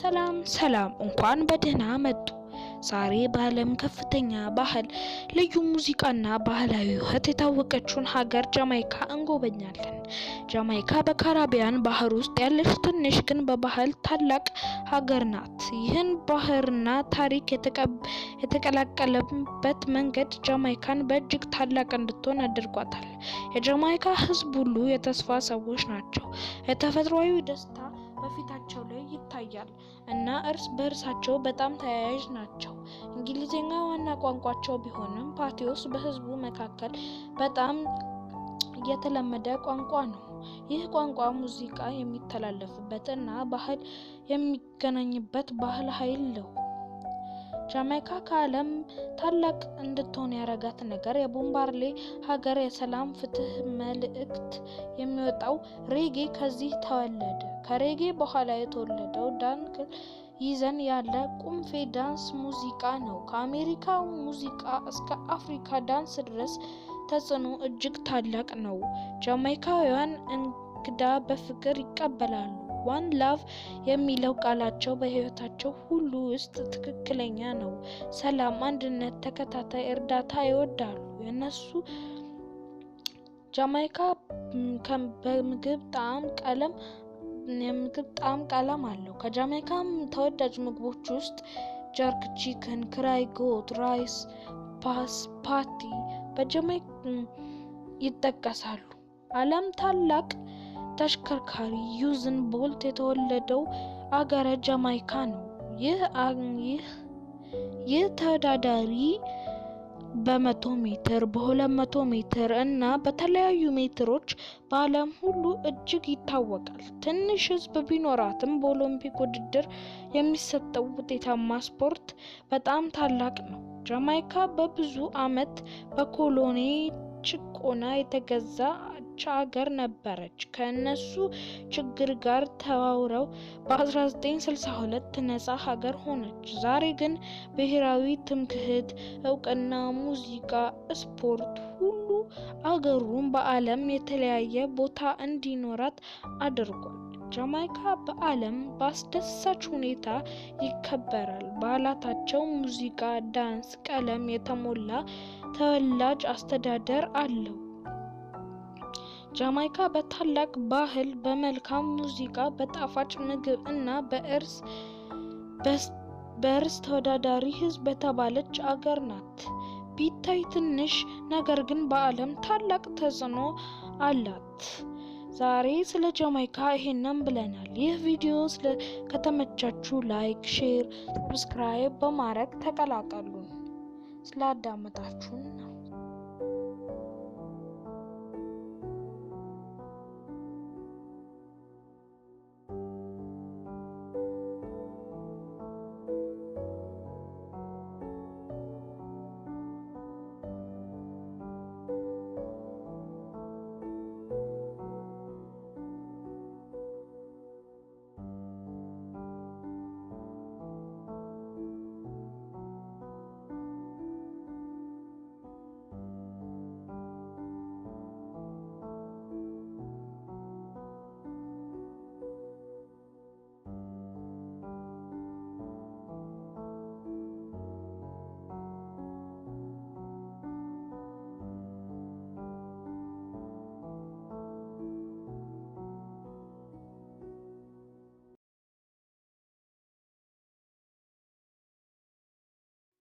ሰላም ሰላም፣ እንኳን በደህና መጡ። ዛሬ በዓለም ከፍተኛ ባህል፣ ልዩ ሙዚቃና ባህላዊ ውኸት የታወቀችውን ሀገር ጃማይካ እንጎበኛለን። ጃማይካ በካራቢያን ባህር ውስጥ ያለች ትንሽ ግን በባህል ታላቅ ሀገር ናት። ይህን ባህርና ታሪክ የተቀላቀለበት መንገድ ጃማይካን በእጅግ ታላቅ እንድትሆን አድርጓታል። የጃማይካ ሕዝብ ሁሉ የተስፋ ሰዎች ናቸው። የተፈጥሯዊ ደስታ በፊታቸው ላይ ይታያል እና እርስ በእርሳቸው በጣም ተያያዥ ናቸው። እንግሊዝኛ ዋና ቋንቋቸው ቢሆንም ፓቴዎስ በህዝቡ መካከል በጣም የተለመደ ቋንቋ ነው። ይህ ቋንቋ ሙዚቃ የሚተላለፍበት እና ባህል የሚገናኝበት ባህል ኃይል ነው። ጃማይካ ከዓለም ታላቅ እንድትሆን ያረጋት ነገር የቦምባርሌ ሀገር የሰላም ፍትህ መልእክት የሚወጣው ሬጌ ከዚህ ተወለደ። ከሬጌ በኋላ የተወለደው ዳንክል ይዘን ያለ ቁምፌ ዳንስ ሙዚቃ ነው። ከአሜሪካ ሙዚቃ እስከ አፍሪካ ዳንስ ድረስ ተጽዕኖ እጅግ ታላቅ ነው። ጃማይካውያን እንግዳ በፍቅር ይቀበላሉ። ዋን ላቭ የሚለው ቃላቸው በህይወታቸው ሁሉ ውስጥ ትክክለኛ ነው። ሰላም፣ አንድነት፣ ተከታታይ እርዳታ ይወዳሉ። የእነሱ ጃማይካ በምግብ ጣዕም ቀለም የምግብ ጣዕም ቀለም አለው። ከጃማይካም ተወዳጅ ምግቦች ውስጥ ጀርክ፣ ቺክን፣ ክራይ ጎት፣ ራይስ ፓስ፣ ፓቲ በጃማይካ ይጠቀሳሉ። ዓለም ታላቅ ተሽከርካሪ ዩዝን ቦልት የተወለደው አገረ ጃማይካ ነው። ይህ ተወዳዳሪ በመቶ ሜትር በሁለት መቶ ሜትር እና በተለያዩ ሜትሮች በዓለም ሁሉ እጅግ ይታወቃል። ትንሽ ሕዝብ ቢኖራትም በኦሎምፒክ ውድድር የሚሰጠው ውጤታማ ስፖርት በጣም ታላቅ ነው። ጃማይካ በብዙ ዓመት በኮሎኔ ጭቆና የተገዛ ብቻ ሀገር ነበረች። ከእነሱ ችግር ጋር ተዋውረው በ1962 ነፃ ሀገር ሆነች። ዛሬ ግን ብሔራዊ ትምክህት፣ እውቅና፣ ሙዚቃ፣ ስፖርት ሁሉ አገሩን በዓለም የተለያየ ቦታ እንዲኖራት አድርጓል። ጃማይካ በዓለም በአስደሳች ሁኔታ ይከበራል። በዓላታቸው ሙዚቃ፣ ዳንስ፣ ቀለም የተሞላ ተወላጅ አስተዳደር አለው። ጃማይካ በታላቅ ባህል፣ በመልካም ሙዚቃ፣ በጣፋጭ ምግብ እና በእርስ ተወዳዳሪ ሕዝብ በተባለች አገር ናት። ቢታይ ትንሽ ነገር ግን በዓለም ታላቅ ተጽዕኖ አላት። ዛሬ ስለ ጃማይካ ይሄንን ብለናል። ይህ ቪዲዮ ከተመቻችሁ ላይክ፣ ሼር፣ ሰብስክራይብ በማድረግ ተቀላቀሉ። ስላዳመጣችሁን ነው።